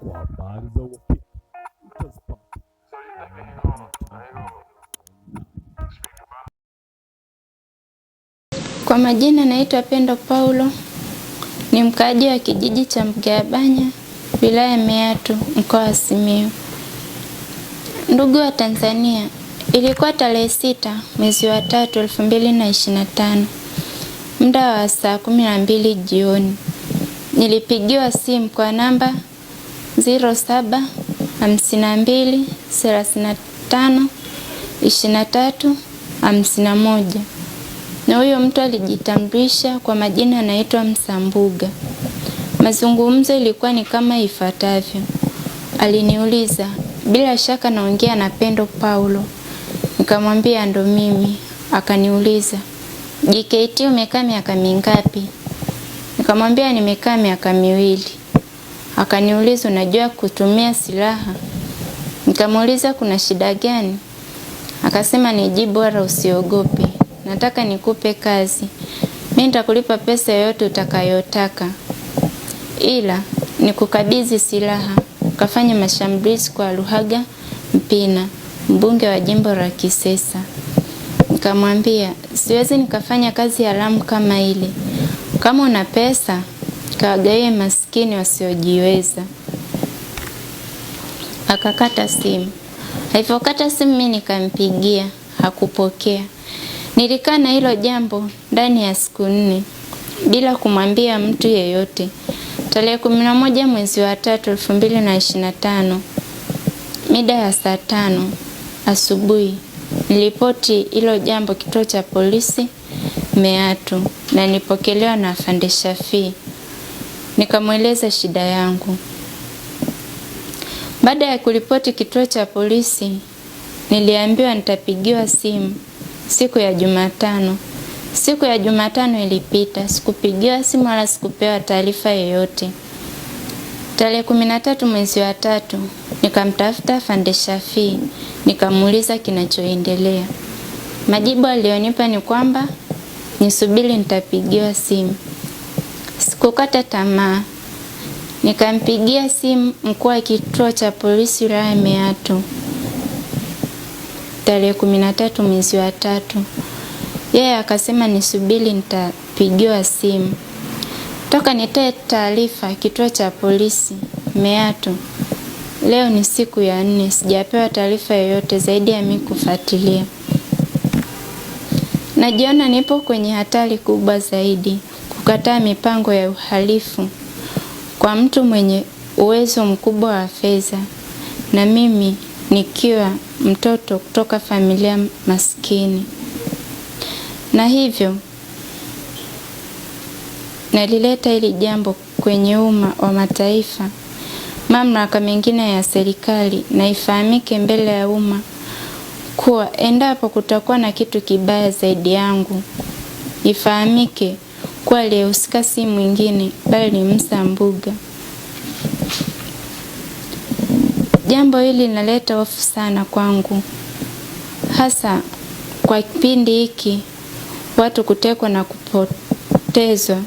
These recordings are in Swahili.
kwa habari za kwa majina. Naitwa Pendo Paulo, ni mkaaji wa kijiji cha Mgabanya, wilaya ya Meatu, mkoa wa Simiyu. Ndugu wa Tanzania, ilikuwa tarehe sita mwezi wa tatu elfu mbili na ishirini na tano muda wa saa kumi na mbili jioni nilipigiwa simu kwa namba 07 52 35 23 51 na huyo mtu alijitambulisha kwa majina anaitwa Msambuga. Mazungumzo ilikuwa ni kama ifuatavyo. Aliniuliza, bila shaka naongea na Pendo Paulo. Nikamwambia ndo mimi. Akaniuliza, JKT umekaa miaka mingapi? Nikamwambia nimekaa miaka miwili. Akaniuliza, unajua kutumia silaha? Nikamuuliza, kuna shida gani? Akasema, niji bora usiogope, nataka nikupe kazi, mi nitakulipa pesa yoyote utakayotaka, ila nikukabidhi silaha ukafanya mashambulizi kwa Luhaga Mpina, mbunge wa jimbo la Kisesa. Nikamwambia siwezi nikafanya kazi haramu kama ile, kama una pesa akawagaie maskini wasiojiweza. Akakata simu. Alivyokata simu, mimi nikampigia, hakupokea. Nilikaa na hilo jambo ndani ya siku nne bila kumwambia mtu yeyote. Tarehe kumi na moja mwezi wa tatu elfu mbili na ishirini na tano mida ya saa tano asubuhi nilipoti hilo jambo kituo cha polisi Meatu na nipokelewa na afande Shafii nikamweleza shida yangu. Baada ya kuripoti kituo cha polisi, niliambiwa nitapigiwa simu siku ya Jumatano. Siku ya Jumatano ilipita, sikupigiwa simu wala sikupewa taarifa yoyote. Tarehe kumi na tatu mwezi wa tatu nikamtafuta Fande Shafii nikamuuliza kinachoendelea. Majibu aliyonipa ni kwamba nisubiri nitapigiwa simu. Sikukata tamaa, nikampigia simu mkuu wa kituo cha polisi wilaya Meatu tarehe kumi na tatu mwezi wa tatu. Yeye akasema nisubiri, nitapigiwa simu toka nitoe taarifa kituo cha polisi Meatu. Leo ni siku ya nne, sijapewa taarifa yoyote zaidi ya mimi kufuatilia. Najiona nipo kwenye hatari kubwa zaidi kukataa mipango ya uhalifu kwa mtu mwenye uwezo mkubwa wa fedha, na mimi nikiwa mtoto kutoka familia maskini, na hivyo nalileta hili jambo kwenye umma wa mataifa, mamlaka mengine ya serikali, na ifahamike mbele ya umma kuwa endapo kutakuwa na kitu kibaya zaidi yangu, ifahamike kuwa aliyehusika si mwingine bali ni Musa Mbuga. Jambo hili linaleta hofu sana kwangu, hasa kwa kipindi hiki watu kutekwa na kupotezwa,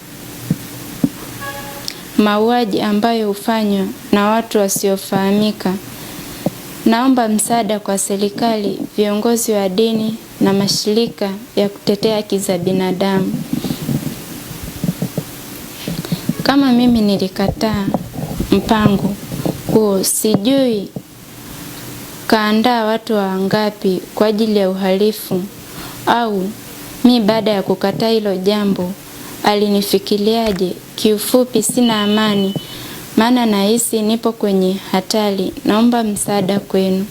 mauaji ambayo hufanywa na watu wasiofahamika. Naomba msaada kwa serikali, viongozi wa dini na mashirika ya kutetea haki za binadamu. Kama mimi nilikataa mpango huo, sijui kaandaa watu wangapi kwa ajili ya uhalifu, au mi baada ya kukataa hilo jambo alinifikiriaje? Kiufupi, sina amani, maana nahisi nipo kwenye hatari. Naomba msaada kwenu.